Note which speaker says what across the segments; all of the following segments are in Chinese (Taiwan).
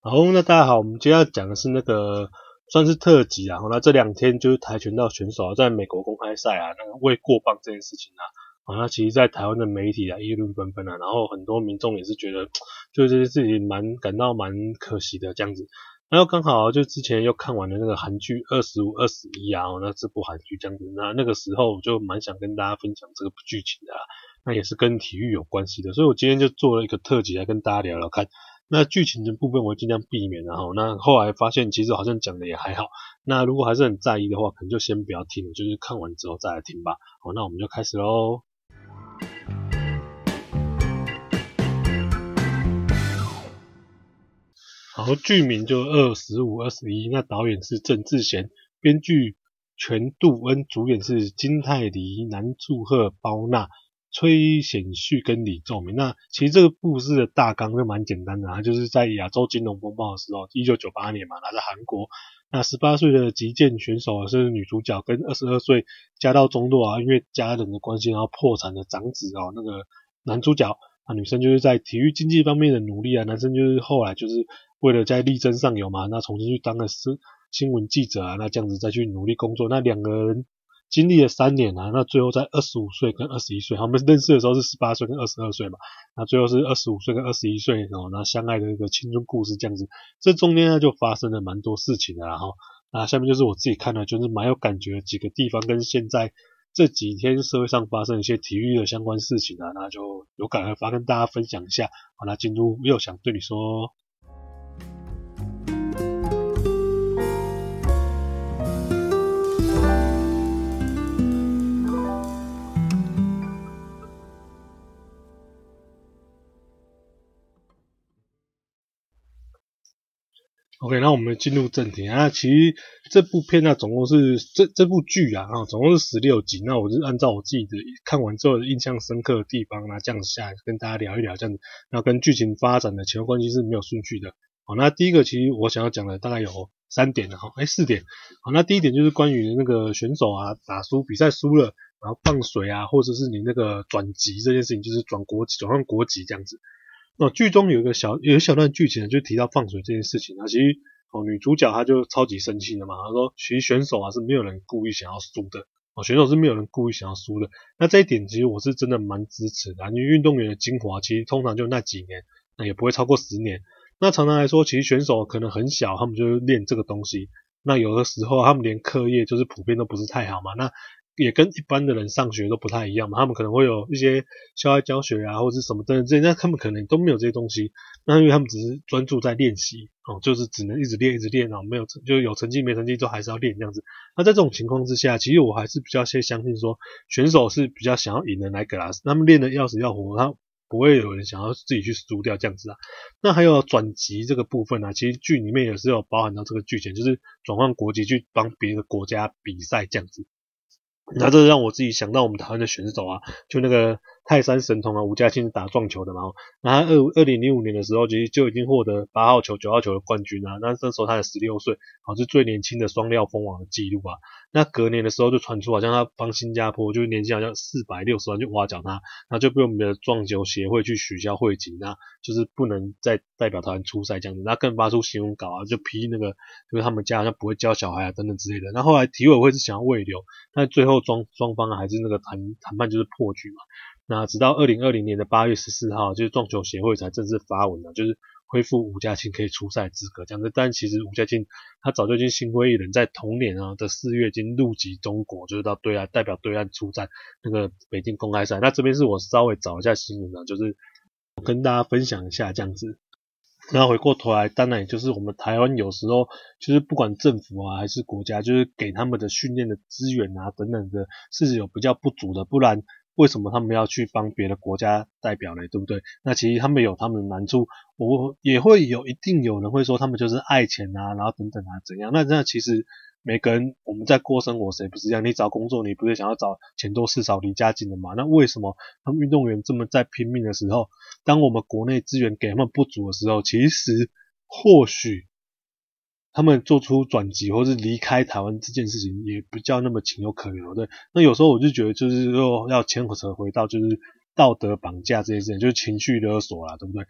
Speaker 1: 好，那大家好，我們今天要講的是那個算是特輯啦、啊。那這兩天就是跆拳道選手、啊、在美國公開賽啊，那個未過磅這件事情啊，啊，那其實，在台灣的媒體啊，議論紛紛啊，然後很多民眾也是覺得，就是自己蠻感到蠻可惜的這樣子。然後剛好就之前又看完了那個韓劇《二十五二十一》啊，那這部韓劇這樣子，那那個時候我就蠻想跟大家分享這個劇情的、啊，那也是跟體育有關係的，所以我今天就做了一個特輯來跟大家聊聊看。那劇情的部分我盡量避免然、啊、哈。那後來發現其實好像講的也還好。那如果還是很在意的話，可能就先不要聽了，就是看完之後再來聽吧。好，那我們就開始嘍。好，劇名就二十五二十一，那導演是鄭智賢，編劇全杜恩，主演是金泰梨、南柱赫、包娜。崔顯旭跟李仲明，那其實這個故事的大綱就蠻簡單的啊，就是在亞洲金融風暴的時候，一九九八年嘛，來到韓國，那十八歲的擊劍選手是女主角，跟二十二歲家道中落啊，因為家人的關係然後破產的長子哦，那個男主角，那女生就是在體育經濟方面的努力啊，男生就是後來就是為了在力爭上游嘛，那重新去當個新新聞記者啊，那這樣子再去努力工作，那兩個人。經歷了三年啊，那最後在二十五歲跟二十一歲，他們認識的時候是十八歲跟二十二歲嘛，那最後是二十五歲跟二十一歲，然後呢相愛的那個青春故事這樣子，這中間呢就發生了蠻多事情的啦，那下面就是我自己看了就是蠻有感覺的幾個地方，跟現在這幾天社會上發生一些體育的相關事情啊，那就有感而發跟大家分享一下，好，那金鐘又想對你說。OK，那我們進入正題啊。那其實這部片呢，總共是這這部劇啊，啊，總共是十六集。那我就按照我自己的看完之後印象深刻的地方，那這樣子下來，跟大家聊一聊這樣子。那跟劇情發展的前後關係是沒有順序的。好，那第一個其實我想要講的大概有三點的哈，哎、欸，四點。好，那第一點就是關於那個選手啊，打輸比賽輸了，然後放水啊，或者是你那個轉籍這件事情，就是轉國籍，轉換國籍這樣子。那劇中有一個小有一個小段劇情就提到放水這件事情。那其實哦，女主角她就超級生氣的嘛。她說，其實選手啊是沒有人故意想要輸的哦，選手是沒有人故意想要輸的。那這一點其實我是真的蠻支持的，因為運動員的精華其實通常就那幾年，那也不會超過十年。那常常來說，其實選手可能很小，他們就練這個東西。那有的時候他們連課業就是普遍都不是太好嘛。那也跟一般的人上學都不太一樣嘛，他們可能會有一些校外教學啊，或者是什麼等等之類，那他們可能都沒有這些東西。那因為他們只是專注在練習哦，就是只能一直練一直練啊，然後沒有成就有成績、沒成績都還是要練這樣子。那、啊、在這種情況之下，其實我還是比較先相信說選手是比較想要贏的來 glass，他們練得要死要活，他不會有人想要自己去輸掉這樣子啊。那還有轉籍這個部分呢、啊，其實劇裡面也是有包含到這個劇情，就是轉換國籍去幫別的國家比賽這樣子。那、嗯啊、這讓我自己想到我們台灣的選手啊，就那個。泰山神童啊，吳珈慶是打撞球的嘛，哦，那他二五二零零五年的時候，其實就已經獲得八號球、九號球的冠軍啊，那那時候他才十六歲，好，是最年輕的雙料封王的記錄啊。那隔年的時候就傳出好像他幫新加坡，就是年薪好像四百六十萬就挖角他，然後就被我們的撞球協會去取消會籍，那就是不能再代表團出賽這樣子。那更發出新聞稿啊，就批那個，就是他們家好像不會教小孩啊等等之類的。那後來體委會是想要挽留，但最後雙雙方還是那個談談判就是破局嘛。那直到二零二零年的八月十四號，就是撞球協會才正式發文、啊、就是恢復吳珈慶可以出賽資格這樣子。但其實吳珈慶他早就已經心灰意冷，在同年啊的四月已經入籍中國，就是到對岸代表對岸出戰那個北京公開賽。那這邊是我稍微找一下新聞啊，就是跟大家分享一下這樣子。那回過頭來，當然也就是我們台灣有時候，就是不管政府啊還是國家，就是給他們的訓練的資源啊等等的，是有比較不足的，不然。為什麼他們要去幫別的國家代表呢？對不對？那其實他們有他們的難處，我也會有，一定有人會說他們就是愛錢啊，然後等等啊，怎樣？那那其實每個人我們在過生活，誰不是一樣？你找工作，你不是想要找錢多事少離家近的嘛？那為什麼他們運動員這麼在拼命的時候，當我們國內資源給他們不足的時候，其實或許。他們做出轉機或是離開台灣這件事情，也不叫那麼情有可原，對，那有時候我就覺得，就是說要牽扯回到就是道德綁架這件事情，就是情緒勒索啦，對不對？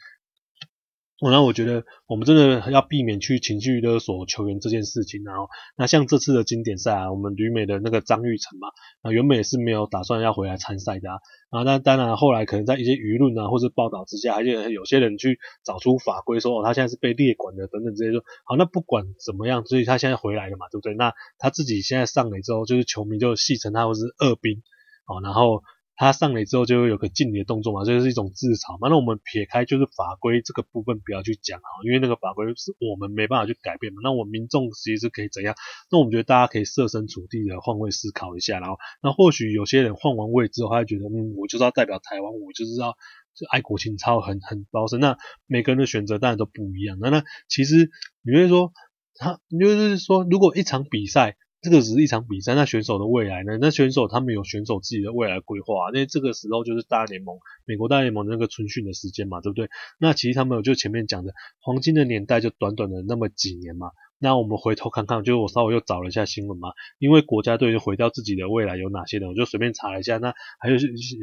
Speaker 1: 然後、哦、我覺得我們真的要避免去情緒勒索球員這件事情。然後，那像這次的經典賽啊，我們旅美的那個張育成嘛，啊原本也是沒有打算要回來參賽的啊。啊，那當然後來可能在一些輿論啊或者報道之下，而且有些人去找出法規說哦，他現在是被列管的等等這些。說好，那不管怎麼樣，所以他現在回來了嘛，對不對？那他自己現在上來之後，就是球迷就戲稱他或是二兵，哦，然後。他上來之後就會有個敬禮的動作嘛，這就是一種自嘲嘛。那我們撇開就是法規這個部分不要去講哈，因為那個法規是我們沒辦法去改變嘛。那我們民眾其實是可以怎樣？那我們覺得大家可以設身處地的換位思考一下，然後那或許有些人換完位之後，他會覺得嗯，我就是要代表台灣，我就是要就愛國情操很很高深。那每個人的選擇當然都不一樣。那那其實你會說他，你會就是說如果一場比賽。這個只是一場比賽，那選手的未來呢？那選手他們有選手自己的未來規劃，啊，那這個時候就是大聯盟、美國大聯盟的那個春訓的時間嘛，對不對？那其實他們有就前面講的黃金的年代，就短短的那麼幾年嘛。那我們回頭看看，就我稍微又找了一下新聞嘛，因為國家隊毀掉自己的未來有哪些人，我就隨便查了一下。那還有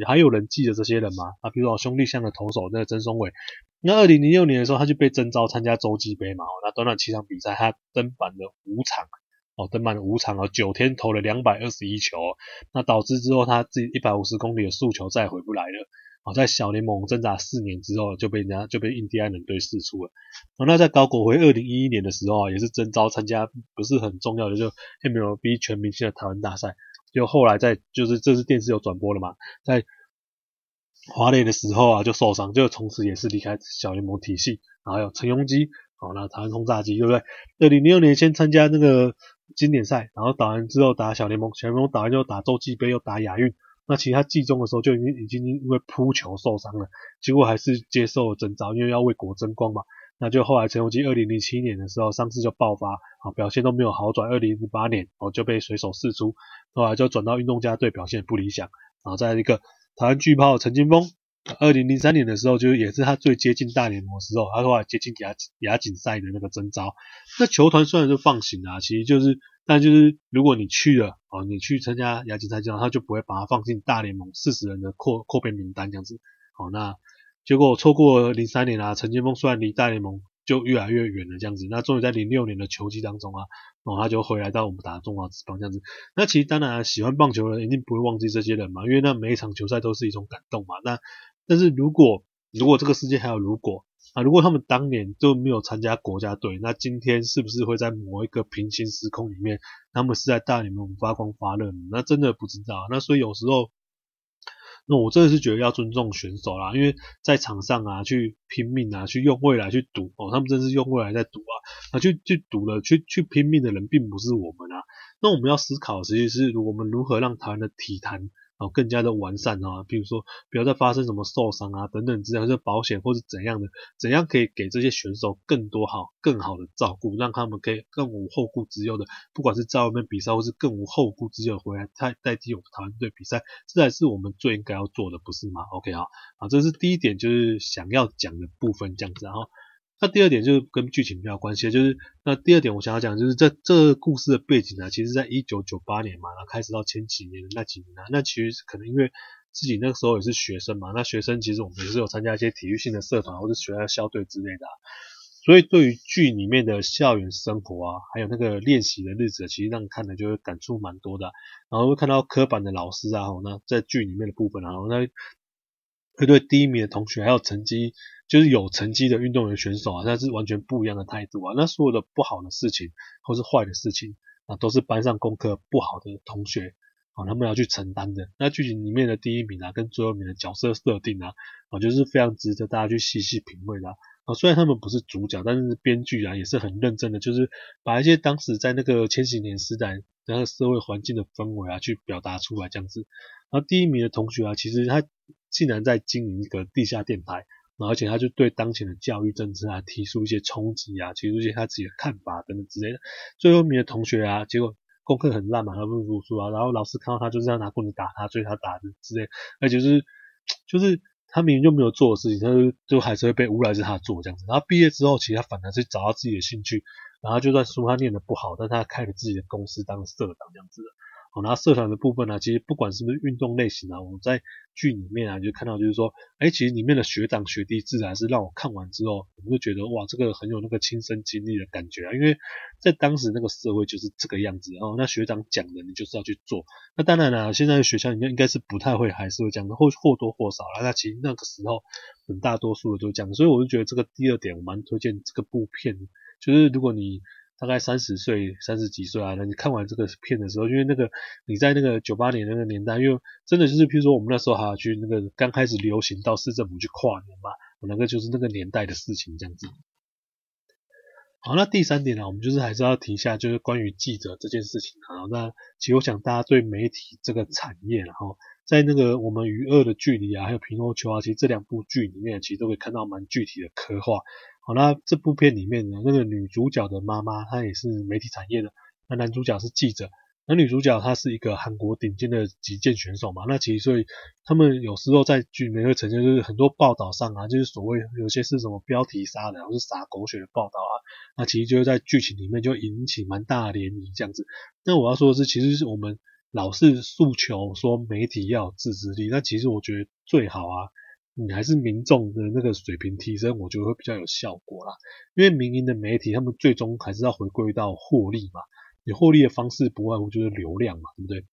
Speaker 1: 還有人記得這些人嗎？啊，比如說兄弟象的投手那個曾松偉，那二零零六年的時候他就被徵召參加洲際杯嘛，那短短七場比賽他登板了五場。哦，登板了五場哦，九天投了兩百二十一球，哦，那導致之後他自己一百五十公里的速球再也回不來了。哦，在小聯盟掙扎四年之後，就被人家就被印第安人隊釋出了。哦，那在高國輝二零一一年的時候啊，也是徵召參加，不是很重要的就 MLB 全明星的台灣大賽。就後來在就是這次電視有轉播了嘛，在華聯的時候啊就受傷，就從此也是離開小聯盟體系。然後還有陳鏞基，哦，那台灣轟炸機對不對？二零零六年先參加那個。經典賽，然後打完之後打小聯盟，小聯盟打完之後打洲際盃，又打亞運。那其他季中的時候就已經已經因為撲球受傷了，結果還是接受了徵召，因為要為國爭光嘛。那就後來陳鏞基二零零七年的時候，傷勢就爆發，啊，表現都沒有好轉。二零零八年，哦，就被水手釋出，後來就轉到運動家隊，表現不理想。然後再一個，台灣巨炮陳金鋒。二零零三年的時候，就是也是他最接近大聯盟的時候，他後來接近亞亞錦賽的那個徵召。那球團雖然就放行啊，其實就是，但就是如果你去了，哦、你去參加亞錦賽之後，他就不會把它放進大聯盟四十人的擴擴編名單這樣子。好、哦，那結果我錯過零三年啊，陳金鋒雖然離大聯盟就越來越遠了這樣子。那終於在零六年的球季當中啊，哦，他就回來到我們打中華職棒這樣子。那其實當然、啊、喜歡棒球的人一定不會忘記這些人嘛，因為那每一場球賽都是一種感動嘛。那但是如果如果這個世界還有如果啊，如果他們當年就沒有參加國家隊，那今天是不是會在某一個平行時空裡面，他們是在大裡面發光發熱？那真的不知道。那所以有時候，那我真的是覺得要尊重選手啦，因為在場上啊，去拼命啊，去用未來去賭哦，他們真的是用未來在賭啊，啊，去去賭了，去去拼命的人並不是我們啊。那我們要思考的，其實是我們如何讓台灣的體壇。好更加的完善啊，比如說不要再發生什麼受傷啊等等之類，就是、保險或者怎樣的，怎樣可以給這些選手更多好更好的照顧，讓他們可以更無後顧之憂的，不管是在外面比賽或是更無後顧之憂的回來代代替我們台灣隊比賽，這才是我們最應該要做的，不是嗎？OK 啊，好這是第一點，就是想要講的部分這樣子，然後。那第二點就跟劇情比較關係，就是那第二點我想要講，就是這這故事的背景啊，其實在一九九八年嘛，然後開始到前幾年的那幾年啊，那其實可能因為自己那個時候也是學生嘛，那學生其實我們也是有參加一些體育性的社團或是學校校隊之類的啊，所以對於劇裡面的校園生活啊，還有那個練習的日子，其實讓你看的就會感觸蠻多的，然後會看到科班的老師啊，那在劇裡面的部分啊，那。會對第一名的同學，還有成績就是有成績的運動員選手啊，那是完全不一樣的態度啊。那所有的不好的事情，或是壞的事情，啊，都是班上功課不好的同學啊，他們要去承擔的。那劇情裡面的第一名啊，跟最後一名的角色設定啊，啊，就是非常值得大家去細細品味的啊。啊雖然他們不是主角，但是編劇啊也是很認真的，就是把一些當時在那個千禧年時代那個社會環境的氛圍啊，去表達出來這樣子。那、啊、第一名的同學啊，其實他。竟然在經營一個地下電台，然後而且他就對當前的教育政策啊提出一些衝擊啊，提出一些他自己的看法等等之類的。最後面的同學啊，結果功課很爛嘛，他不讀書啊，然後老師看到他就是這樣拿棍子打他，追他打的之類的，而且、就是就是他明明就沒有做的事情，他就都還是會被誣賴着他做這樣子。然後畢業之後，其實他反而是找到自己的興趣，然後就算說他念得不好，但他開了自己的公司當社長這樣子的。那社團的部分呢、啊，其實不管是不是運動類型啊，我在劇裡面啊就看到，就是說，哎，其實裡面的學長學弟制還是讓我看完之後，我會覺得哇，這個很有那個親身經歷的感覺啊，因為在當時那個社會就是這個樣子啊、哦，那學長講的你就是要去做，那當然啦、啊，現在的學校裡面應該是不太會還是會講的，或或多或少啦，那其實那個時候很大多數的都講，所以我就覺得這個第二點我蠻推薦這個部片，就是如果你。大概三十歲、三十幾歲啊，那你看完這個片的時候，因為那個你在那個九八年那個年代，因為真的就是，譬如說我們那時候還要去那個剛開始流行到市政府去跨年嘛。我那個就是那個年代的事情這樣子。好，那第三點呢、啊，我們就是還是要提一下，就是關於記者這件事情啊。那其實我想大家對媒體這個產業，然後在那個我們《與惡的距離》啊，還有《皮諾丘》啊，其實這兩部劇裡面，其實都可以看到蠻具體的刻畫。好，那這部片裡面呢，那個女主角的媽媽，她也是媒體產業的。那男主角是記者，那女主角她是一個韓國頂尖的擊劍選手嘛。那其實所以他們有時候在劇裡面會呈現，就是很多報道上啊，就是所謂有些是什麼標題殺的，或是撒狗血的報道啊，那其實就在劇情裡面就引起蠻大的漣漪這樣子。那我要說的是，其實是我們老是訴求說媒體要有自制力，那其實我覺得最好啊。你還是民眾的那個水平提升，我覺得會比較有效果啦。因為民營的媒體，他們最終還是要回歸到獲利嘛。你獲利的方式不外乎就是流量嘛，對不對？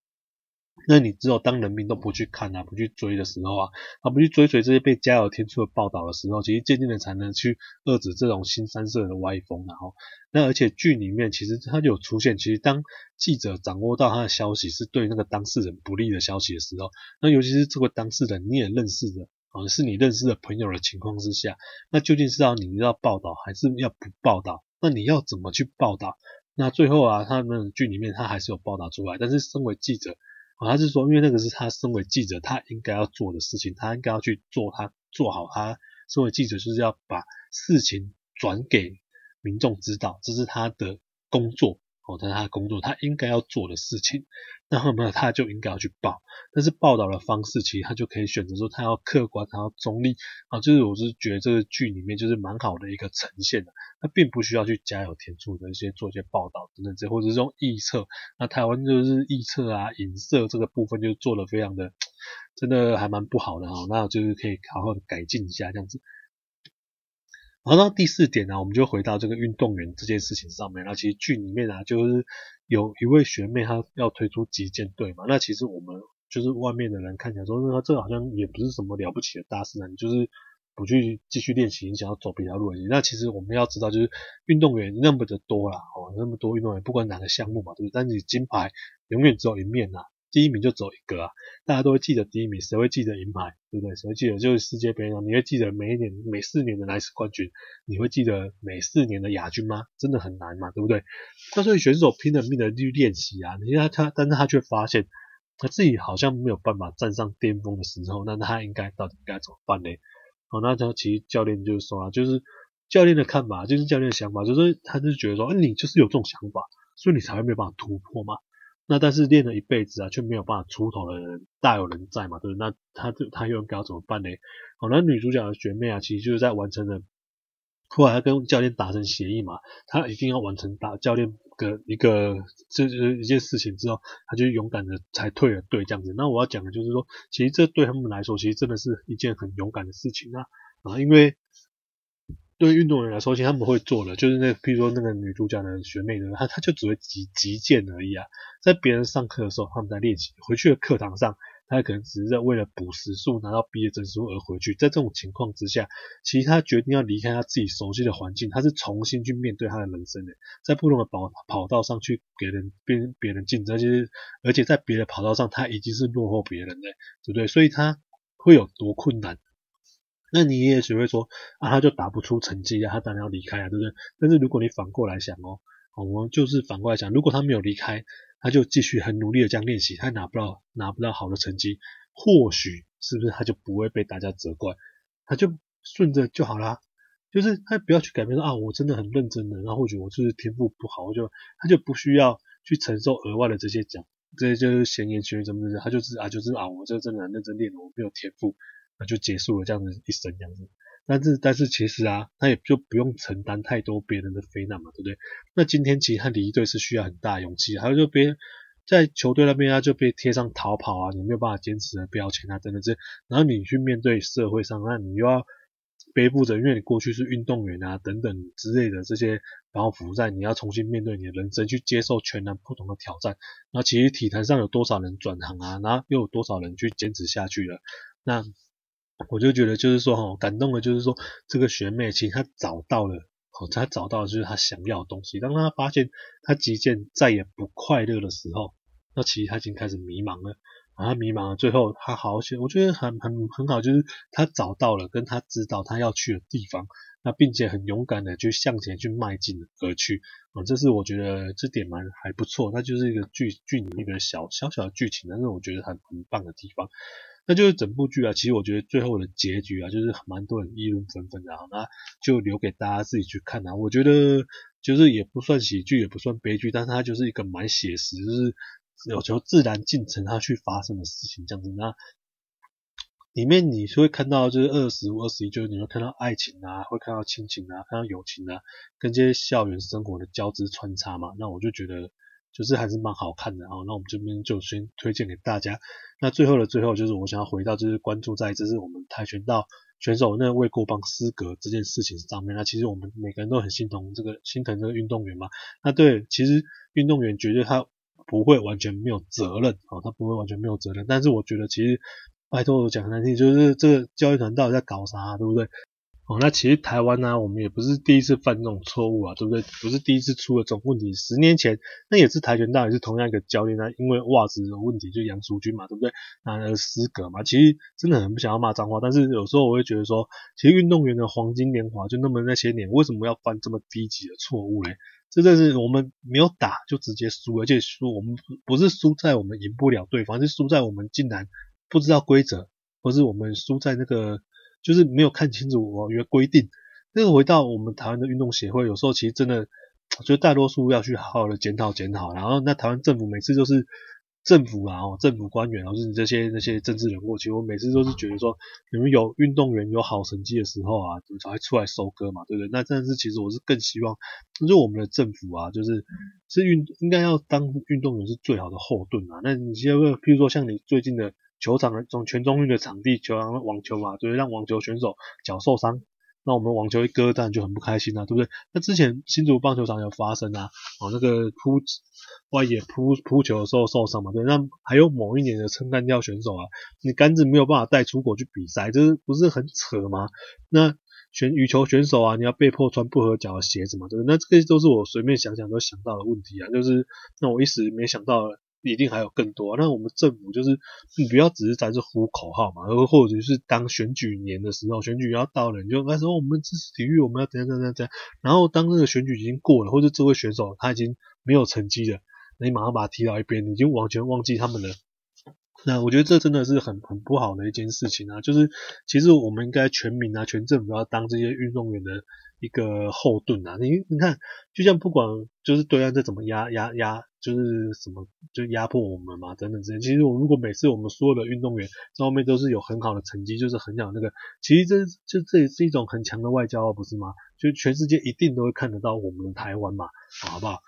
Speaker 1: 那你只有當人民都不去看啊，不去追的時候啊，他不去追隨這些被加油添醋的報道的時候，其實漸漸的才能去遏制這種腥羶色的歪風。然後，那而且劇裡面其實他就有出現，其實當記者掌握到他的消息是對那個當事人不利的消息的時候，那尤其是這個當事人你也認識的。啊，是你認識的朋友的情況之下，那究竟是要你要報道還是要不報道？那你要怎麼去報道？那最後啊，他們劇裡面他還是有報道出來，但是身為記者啊，他是說，因為那個是他身為記者他應該要做的事情，他應該要去做他，他做好他身為記者就是要把事情轉給民眾知道，這是他的工作。哦，但他工作，他應該要做的事情，那麼他就應該要去報，但是報道的方式，其實他就可以選擇說，他要客觀，他要中立啊，就是我是覺得這個劇裡面就是蠻好的一個呈現的，他、啊、並不需要去加油添醋的一些做一些報道等等或者是用臆測，那台灣就是臆測啊，影射這個部分就做的非常的，真的還蠻不好的哈，那就是可以好好的改進一下這樣子。然後到第四點呢、啊，我們就回到這個運動員這件事情上面，那其實劇裡面啊，就是有一位學妹她要退出擊劍隊嘛。那其實我們就是外面的人看起來說，那這好像也不是什麼了不起的大事啊，你就是不去繼續練習，你想要走別的路而已，那其實我們要知道，就是運動員那麼的多啦，哦，那麼多運動員不管哪個項目嘛，對不對？但你金牌永遠只有一面吶、啊。第一名就只有一個啊，大家都會記得第一名，誰會記得銀牌，對不對？誰會記得就是世界杯呢？你會記得每一年每四年的男子冠軍？你會記得每四年的亞軍嗎？真的很難嘛，對不對？那所以選手拼了命的去練習啊，你看他，但是他卻發現他自己好像沒有辦法站上巔峰的時候，那他應該到底應該怎麼辦呢？哦，那他其實教練就說啊，就是教練的看法，就是教練的想法，就是他就覺得說，哎，你就是有這種想法，所以你才會沒有辦法突破嘛。那但是練了一輩子啊，卻沒有辦法出頭的人大有人在嘛，對不對？那他這他又要怎麼辦呢？好，那女主角的學妹啊，其實就是在完成了，後來跟教練達成協議嘛，他一定要完成打教練的一個，一個就是一件事情之後，他就勇敢的才退了隊這樣子。那我要講的就是說，其實這對他們來說，其實真的是一件很勇敢的事情啊啊，然後因為。對於運動員來說，其實他們會做的就是那個，譬如說那個女主角的學妹呢，她她就只會擊擊劍而已啊。在別人上課的時候，他們在練習；回去的課堂上，他可能只是在為了補時數拿到畢業證書而回去。在這種情況之下，其實他決定要離開他自己熟悉的環境，他是重新去面對他的人生的，在不同的跑跑道上去給人別別人競爭，就是而且在別的跑道上，他已經是落後別人的，對不對？所以他會有多困難？那你也只會說啊，他就打不出成績啊，他當然要離開啊，對不對？但是如果你反過來想哦，我們就是反過來想，如果他沒有離開，他就繼續很努力的這樣練習，他拿不到拿不到好的成績，或許是不是他就不會被大家責怪，他就順着就好啦。就是他不要去改變說啊，我真的很認真的、啊，然後或許我就是天賦不好，我就他就不需要去承受額外的這些獎，這些就是閒言閒語什麼什麼他就是啊就是啊，我這真的很認真練我沒有天賦。就結束了這樣的一生這樣子，但是但是其實啊，他也就不用承擔太多別人的非難嘛，對不對？那今天其實他離隊是需要很大勇氣，還有就別在球隊那邊他、啊、就被貼上逃跑啊，你沒有辦法堅持的標籤啊，等等、啊。是。然後你去面對社會上，那你又要背負着，因為你過去是運動員啊等等之類的這些然後負債，你要重新面對你的人生，去接受全然不同的挑戰。那其實體壇上有多少人轉行啊？然後又有多少人去堅持下去了？那。我就覺得，就是說，哈，感動的，就是說，這個學妹，其實她找到了，哦，她找到了就是她想要的東西。當她發現她即漸再也不快樂的時候，那其實她已經開始迷茫了。啊，然後迷茫了，最後他好一我覺得很很很好，就是他找到了跟他知道他要去的地方，那並且很勇敢的去向前去邁進而去，啊、嗯，這是我覺得這點蠻還不錯，那就是一個劇劇裡面一個小小小的劇情，但是我覺得很很棒的地方，那就是整部劇啊，其實我覺得最後的結局啊，就是蠻多人議論紛紛的，那就留給大家自己去看啊。我覺得就是也不算喜劇，也不算悲劇，但是它就是一個蠻寫實，就是。有求自然進程，它去發生的事情，這樣子。那裡面你會看到，就是二十五、二十一，就是你會看到愛情啊，會看到親情啊，看到友情啊，跟這些校園生活的交織穿插嘛。那我就覺得，就是還是蠻好看的啊、哦。那我們這邊就先推薦給大家。那最後的最後，就是我想要回到，就是關注在這是我們跆拳道選手那位過磅失格這件事情上面。那其實我們每個人都很心疼這個，心疼這個運動員嘛。那對，其實運動員覺得他。不會完全沒有責任啊、哦，他不會完全沒有責任，但是我覺得其實，拜托我講的難聽，就是這個教練團到底在搞啥、啊，對不對？哦，那其實台灣呢、啊，我們也不是第一次犯這種錯誤啊，對不對？不是第一次出了這種問題，十年前那也是跆拳道也是同樣一個教練啊，那因為襪子的問題就楊淑君嘛，對不對？那失格嘛，其實真的很不想要罵髒話，但是有時候我會覺得說，其實運動員的黃金年華就那麼那些年，為什麼要犯這麼低級的錯誤嘞？這就是我們沒有打就直接輸，而且輸我們不是輸在我們贏不了對方，是輸在我們竟然不知道規則，或是我們輸在那個就是沒有看清楚我約規定。那個回到我們台灣的運動協會，有時候其實真的，我覺得大多數要去好好的檢討檢討，然後那台灣政府每次就是。政府啊，政府官員，然後是你這些那些政治人物，其實我每次都是覺得說，你們有運動員有好成績的時候啊，才會才出來收割嘛，對不對？那但是其實我是更希望，就是我們的政府啊，就是是運應該要當運動員是最好的後盾啊。那你現在如譬如說像你最近的球場的從全中運的場地球場網球嘛，就是讓網球選手腳受傷。那我們網球一割蛋就很不開心啊，對不對？那之前新竹棒球場有發生啊，哦那個撲外野撲撲球的時候受傷嘛，對不對？那還有某一年的撐桿跳選手啊，你桿子沒有辦法帶出國去比賽，這、就是不是很扯嗎？那選羽球選手啊，你要被迫穿不合腳的鞋子嘛，對不對？那這些都是我隨便想想都想到的問題啊，就是那我一時沒想到。一定還有更多啊。那我們政府就是，你不要只是在這呼口號嘛，或者就是當選舉年的時候，選舉要到了，你就那時候我們支持體育，我們要怎樣怎樣怎樣。然後當那個選舉已經過了，或者這位選手他已經沒有成績了，你馬上把他踢到一邊，你就完全忘記他們了。那我覺得這真的是很很不好的一件事情啊！就是其實我們應該全民啊，全政府要當這些運動員的一個後盾啊。你你看，就像不管就是對岸再怎麼壓壓壓。就是什麼就壓迫我們嘛，等等這些。其實我們如果每次我們所有的運動員在後面都是有很好的成績，就是很想那個，其實這這這也是一種很強的外交啊，不是嗎？就全世界一定都會看得到我們台灣嘛，好不好？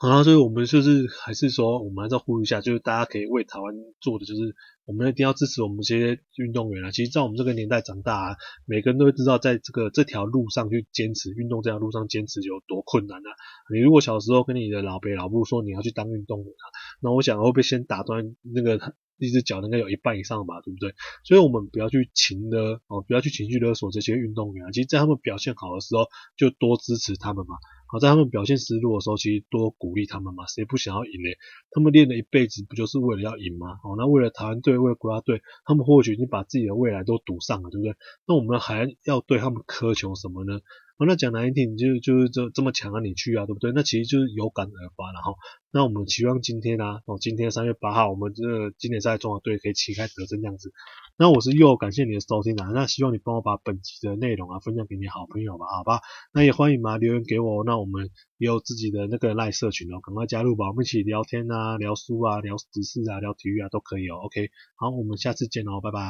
Speaker 1: 啊，所以我們就是還是說，我們還是要呼籲一下，就是大家可以為台灣做的，就是我們一定要支持我們這些運動員啊。其實，在我們這個年代長大，啊，每個人都會知道，在這個這條路上去堅持運動這條路上堅持有多困難啊。你如果小時候跟你的老北老布說你要去當運動員、啊，那我想會不會先打斷那個一只腳，應該有一半以上吧，對不對？所以，我們不要去情勒哦，不要去情緒勒,勒索這些運動員啊。其實，在他們表現好的時候，就多支持他們嘛。好，在他們表現失落的時候，其實多鼓勵他們嘛。誰不想要贏呢？他們練了一輩子，不就是為了要贏嗎？哦，那為了台灣隊，為了國家隊，他們或許已經把自己的未來都賭上了，對不對？那我們還要對他們苛求什麼呢？哦、那講難聽，你就就是這這麼強啊，你去啊，對不對？那其實就是有感而發了哈。那我們期望今天啊，哦，今天三月八號，我們這個經典賽中華隊可以旗開得勝這樣子。那我是佑，感謝你的收聽啦、啊，那希望你幫我把本集的內容啊分享給你好朋友吧，好吧？那也歡迎嘛留言給我。那我們也有自己的那個 LINE 社群哦，趕快加入吧，我們一起聊天啊，聊書啊，聊時事啊，聊體育啊都可以哦。OK，好，我們下次見哦，拜拜。